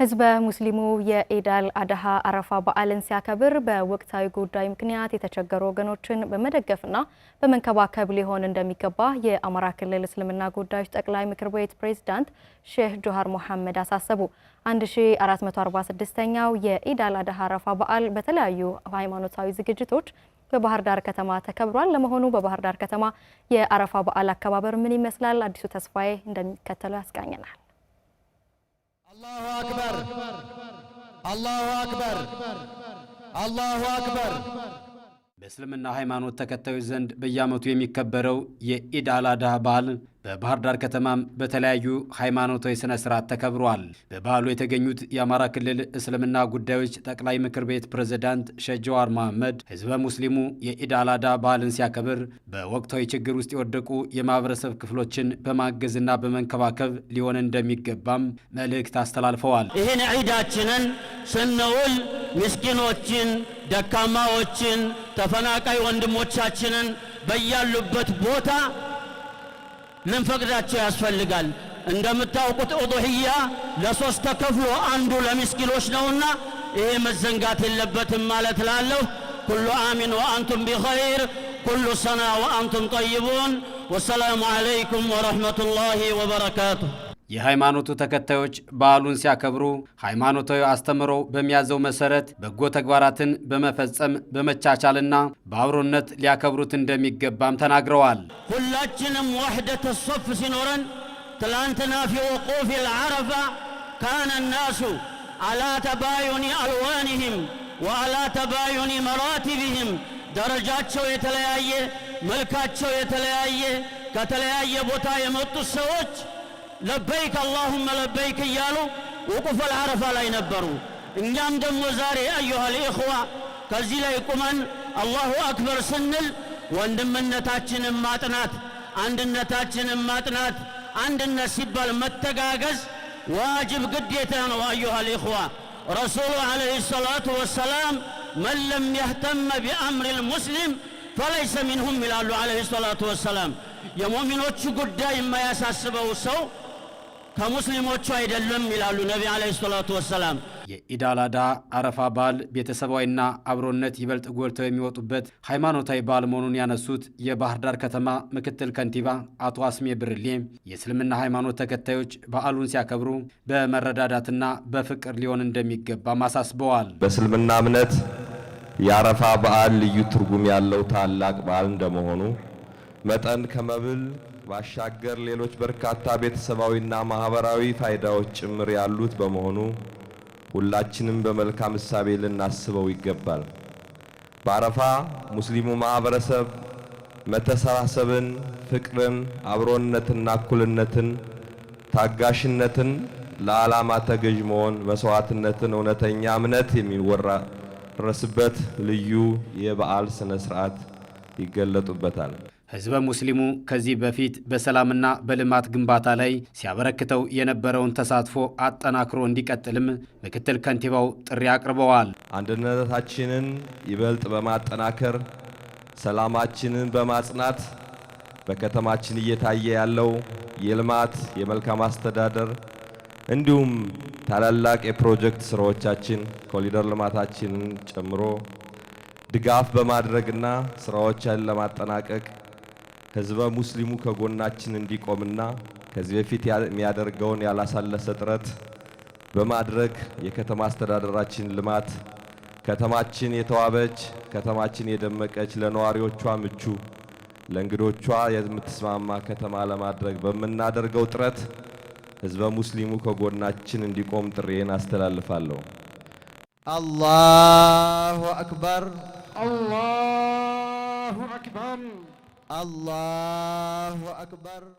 ህዝበ ሙስሊሙ የኢዳል አድሃ አረፋ በዓልን ሲያከብር በወቅታዊ ጉዳይ ምክንያት የተቸገሩ ወገኖችን በመደገፍና በመንከባከብ ሊሆን እንደሚገባ የአማራ ክልል እስልምና ጉዳዮች ጠቅላይ ምክር ቤት ፕሬዝዳንት ሼህ ጆሃር መሐመድ አሳሰቡ። 1446ኛው የኢዳል አድሃ አረፋ በዓል በተለያዩ ሃይማኖታዊ ዝግጅቶች በባህር ዳር ከተማ ተከብሯል። ለመሆኑ በባህር ዳር ከተማ የአረፋ በዓል አከባበር ምን ይመስላል? አዲሱ ተስፋዬ እንደሚከተለው ያስቃኘናል። አላሁ አክበር አላሁ አክበር አላሁ አክበር። በእስልምና ሃይማኖት ተከታዮች ዘንድ በየዓመቱ የሚከበረው የኢድ አል አድሃ በዓል በባህር ዳር ከተማም በተለያዩ ሃይማኖታዊ ስነ ስርዓት ተከብረዋል። በበዓሉ የተገኙት የአማራ ክልል እስልምና ጉዳዮች ጠቅላይ ምክር ቤት ፕሬዝዳንት ሼህ ጀዋር መሐመድ ህዝበ ሙስሊሙ የኢድ አላዳ በዓልን ሲያከብር በወቅታዊ ችግር ውስጥ የወደቁ የማህበረሰብ ክፍሎችን በማገዝና በመንከባከብ ሊሆን እንደሚገባም መልእክት አስተላልፈዋል። ይህን ዒዳችንን ስንውል ምስኪኖችን፣ ደካማዎችን፣ ተፈናቃይ ወንድሞቻችንን በያሉበት ቦታ ልንፈቅዳቸው ያስፈልጋል። እንደምታውቁት ኡዱህያ ለሶስት ተከፍሎ አንዱ ለሚስኪኖች ነውና ይሄ መዘንጋት የለበትም ማለት ላለሁ። ኩሉ አሚን ወአንቱም ቢኸይር ኩሉ ሰና ወአንቱም ጠይቡን። ወሰላሙ ዓለይኩም ወረሕመቱላሂ ወበረካቱሁ። የሃይማኖቱ ተከታዮች በዓሉን ሲያከብሩ ሃይማኖታዊ አስተምሮ በሚያዘው መሰረት በጎ ተግባራትን በመፈጸም በመቻቻልና በአብሮነት ሊያከብሩት እንደሚገባም ተናግረዋል። ሁላችንም ወሕደተ ሶፍ ሲኖረን ትላንትና ፊ ወቁፍ ልዓረፋ ካነ ናሱ አላ ተባዩኒ አልዋንህም ወአላ ተባዩኒ መራቲብህም ደረጃቸው የተለያየ መልካቸው የተለያየ ከተለያየ ቦታ የመጡት ሰዎች ለበይክ አላሁመ ለበይክ እያሉ ውቁፈል አረፋ ላይ ነበሩ። እኛም ደግሞ ዛሬ አዩሃል ኢኽዋ ከዚህ ላይ ቁመን አላሁ አክበር ስንል ወንድምነታችንን ማጥናት፣ አንድነታችንን ማጥናት፣ አንድነት ሲባል መተጋገዝ ዋጅብ ግዴታ ነው። አዩሃል ኢኽዋ ረሱሉ ዓለይሂ ሰላቱ ወሰላም መን ለም የህተመ ቢአምሪ ልሙስሊም ፈለይሰ ሚንሁም ይላሉ ዓለይሂ ሰላቱ ወሰላም የሙእሚኖቹ ጉዳይ የማያሳስበው ሰው ከሙስሊሞቹ አይደለም ይላሉ ነቢ ዓለይሂ ሰላቱ ወሰላም። የኢድ አል አድሃ አረፋ በዓል ቤተሰባዊና አብሮነት ይበልጥ ጎልተው የሚወጡበት ሃይማኖታዊ በዓል መሆኑን ያነሱት የባህር ዳር ከተማ ምክትል ከንቲባ አቶ አስሜ ብርሌ የእስልምና ሃይማኖት ተከታዮች በዓሉን ሲያከብሩ በመረዳዳትና በፍቅር ሊሆን እንደሚገባም አሳስበዋል። በእስልምና እምነት የአረፋ በዓል ልዩ ትርጉም ያለው ታላቅ በዓል እንደመሆኑ መጠን ከመብል ባሻገር ሌሎች በርካታ ቤተሰባዊና ማህበራዊ ፋይዳዎች ጭምር ያሉት በመሆኑ ሁላችንም በመልካም እሳቤ ልናስበው ይገባል። በአረፋ ሙስሊሙ ማህበረሰብ መተሳሰብን፣ ፍቅርን፣ አብሮነትና እኩልነትን፣ ታጋሽነትን፣ ለዓላማ ተገዥ መሆን፣ መስዋዕትነትን፣ እውነተኛ እምነት የሚወራረስበት ልዩ የበዓል ስነ ስርዓት ይገለጡበታል። ህዝበ ሙስሊሙ ከዚህ በፊት በሰላምና በልማት ግንባታ ላይ ሲያበረክተው የነበረውን ተሳትፎ አጠናክሮ እንዲቀጥልም ምክትል ከንቲባው ጥሪ አቅርበዋል። አንድነታችንን ይበልጥ በማጠናከር ሰላማችንን በማጽናት በከተማችን እየታየ ያለው የልማት የመልካም አስተዳደር እንዲሁም ታላላቅ የፕሮጀክት ስራዎቻችን ኮሊደር ልማታችንን ጨምሮ ድጋፍ በማድረግና ስራዎችን ለማጠናቀቅ ህዝበ ሙስሊሙ ከጎናችን እንዲቆምና ከዚህ በፊት የሚያደርገውን ያላሳለሰ ጥረት በማድረግ የከተማ አስተዳደራችን ልማት ከተማችን የተዋበች ከተማችን የደመቀች ለነዋሪዎቿ ምቹ ለእንግዶቿ የምትስማማ ከተማ ለማድረግ በምናደርገው ጥረት ህዝበ ሙስሊሙ ከጎናችን እንዲቆም ጥሪዬን አስተላልፋለሁ። አላሁ አክበር፣ አላሁ አክበር። الله أكبر